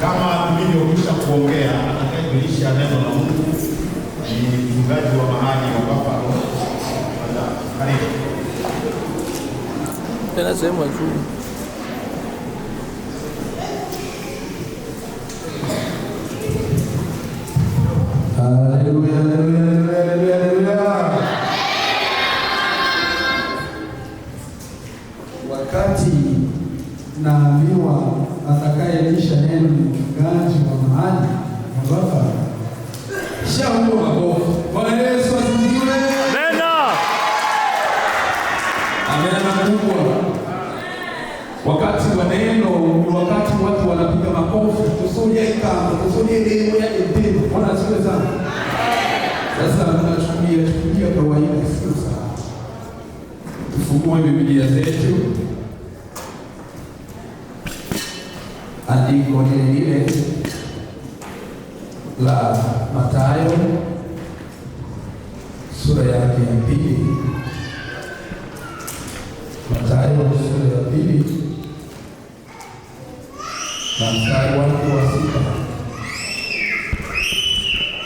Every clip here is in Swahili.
Kama tulivyokwisha kuongea, atakayejulisha neno la Mungu ni mchungaji wa mahali wa Baba. Karibu tena sehemu ya juu. Wakati naamiwa atakayelisha neno ni mchungaji wa mahali ambapo shaua magofu. Bwana Yesu asifiwe. Amena kubwa. Wakati wa neno ni wakati watu wanapiga makofi kusudia ikamba, kusudia elimu yake ndiyo. Bwana asifiwe sana. Sasa tunachukulia chukulia kawaida, sio sana. Tufungue Biblia zetu andiko lile lile la Mathayo sura yake ya pili, Mathayo sura ya pili na mstari wake wa sita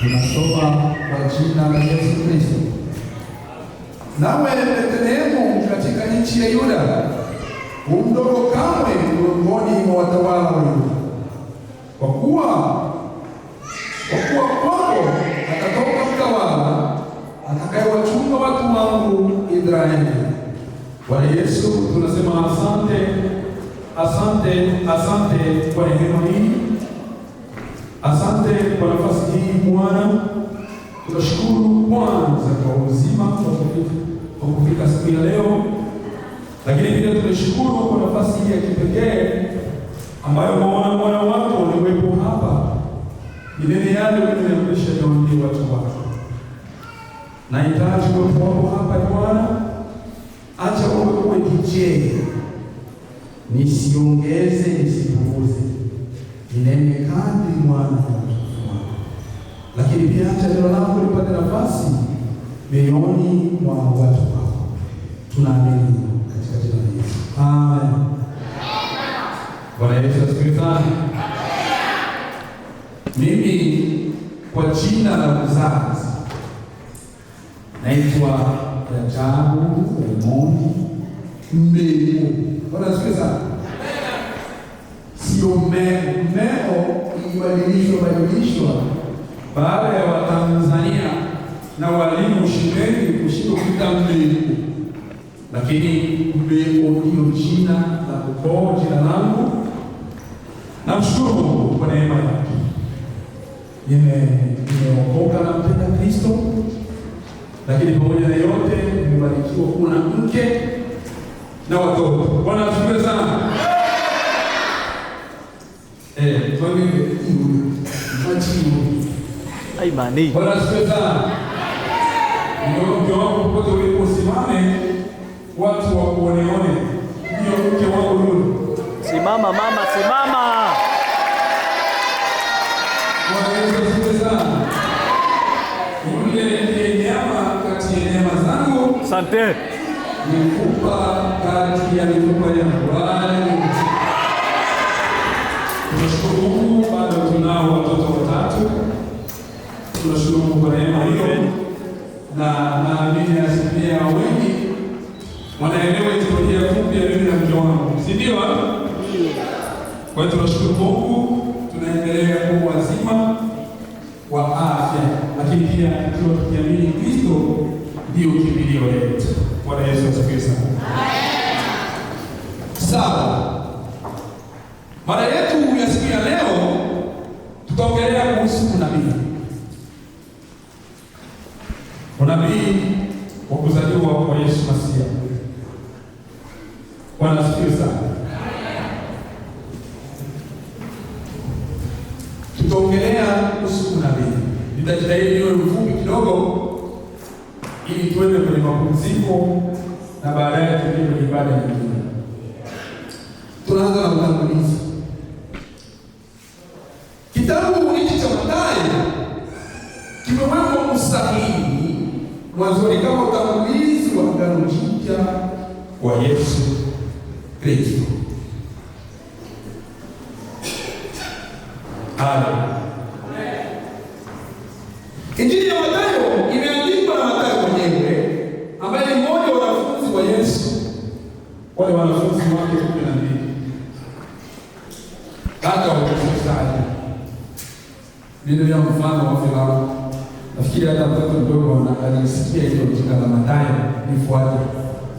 tunasoma kwa jina la Yesu Kristo. Nawe Betlehemu katika nchi ya Yuda huu mdogo kamwe miongoni mwa watawala wa Yuda, kwa kuwa kwa kuwa kwao atatoka mtawala atakayewachunga watu wangu Israeli. Bwana Yesu, tunasema asante, asante, asante kwa neema hii, asante kwa nafasi hii Bwana. Tunashukuru kwanza kwa uzima kwa kufika siku ya leo lakini pia tunashukuru kwa nafasi hii ya kipekee ambayo mwana mwana wako uliwepo hapa, minene yale unayoamrisha yaondie watu wako. Nahitaji uwepo wako hapa Bwana, acha uwe kijee, nisiongeze nisipunguze, nineme kadri mwana lakini pia hata neno lako lipate nafasi moyoni mwa watu wako, tunaamini. Bwana Yesu asifiwe sana. Mimi kwa jina la uzazi naitwa Rajabu Raymond Mbegu. Bwana asifiwe sana. Sio Meo, Meo ilibadilishwa badilishwa baada ya Watanzania na walimu shuleni kushindwa kuita Mbegu lakini ule ulio jina la kukoo jina langu. Namshukuru Mungu kwa neema yake, nimeokoka na mpenda Kristo, lakini pamoja na yote nimebarikiwa kuwa na mke na watoto. Bwana asifiwe sana. Eh, Bwana asifiwe sana. Ndio mke wangu pote uliposimame watu wa kuoneone, ndiyo mke wangu yule. Simama mama, simama. Bwana Yesu asifiwe sana. Yule ndiye nyama kati ya nyama zangu, asante, mifupa kati ya mifupa yangu. Tunashukuru Mungu, bado tunao watoto watatu. Tunashukuru Mungu kwa neema hiyo. si ndio? Eh? Kwa hiyo tunashukuru Mungu, tunaendelea kuwa wazima wa afya, lakini pia tukiwa tukiamini Kristo ndio kimbilio letu. Bwana Yesu asifiwe sana. Sawa, mara yetu ya siku ya leo tutaongelea kuhusu unabii, unabii wa kuzaliwa kwa Yesu Masihi. Bwana asifiwe sana. tutaongelea kuhusu unabii. Nitajitahidi niwe mfupi kidogo, ili tuende kwenye mapumziko na baadaye tuende kwenye ibada nyingine. Tunaanza na utangulizi. Kitabu hiki cha Mathayo kimewekwa usahihi mwanzoni kama utangulizi wa Agano Jipya kwa Yesu Kristo. Halo. Injili ya Mathayo imeandikwa na Mathayo mwenyewe ambaye ni mmoja wa wanafunzi wa Yesu, wale wanafunzi wake kumi na mbili kaka wakosaji neno ya mfano wa Farao. Nafikiri hata mtoto mdogo alisikia hilo katika la Mathayo, nifuate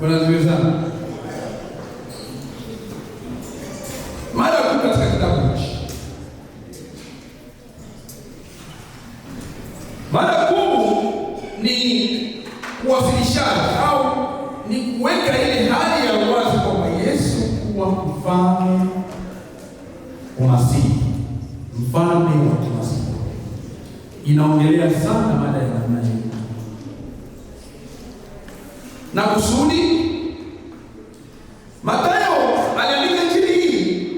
unaziwezana Maana kubu ni kuwasilishaji au ni kuweka ile hali ya uwazi kwamba Yesu kuwa mfalme wa masihi, mfalme wa kimasihi. Inaongelea sana mada ya namna hii na kusudi Mathayo aliandika injili hii,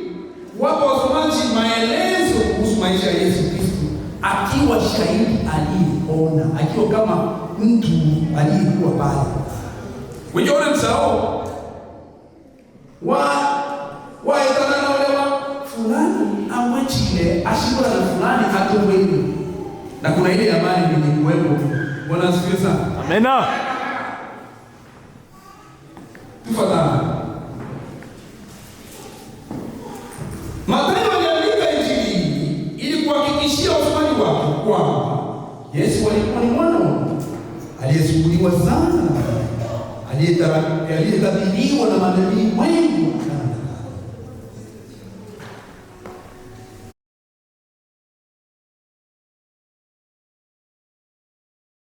wapo wasomaji maelezo kuhusu maisha ya Yesu Kristo akiwa shahidi aliyeona, akiwa kama mtu aliyekuwa pale. Wewe msao wa waetana wa fulani amwechile ashikwa na fulani hatoweni, na kuna ile amani yenye kuwepo. Bwana asifiwe sana, amena. alikuwa ni mwana wa Mungu aliyesuguliwa sana, aliyedhaminiwa na madhambi mengi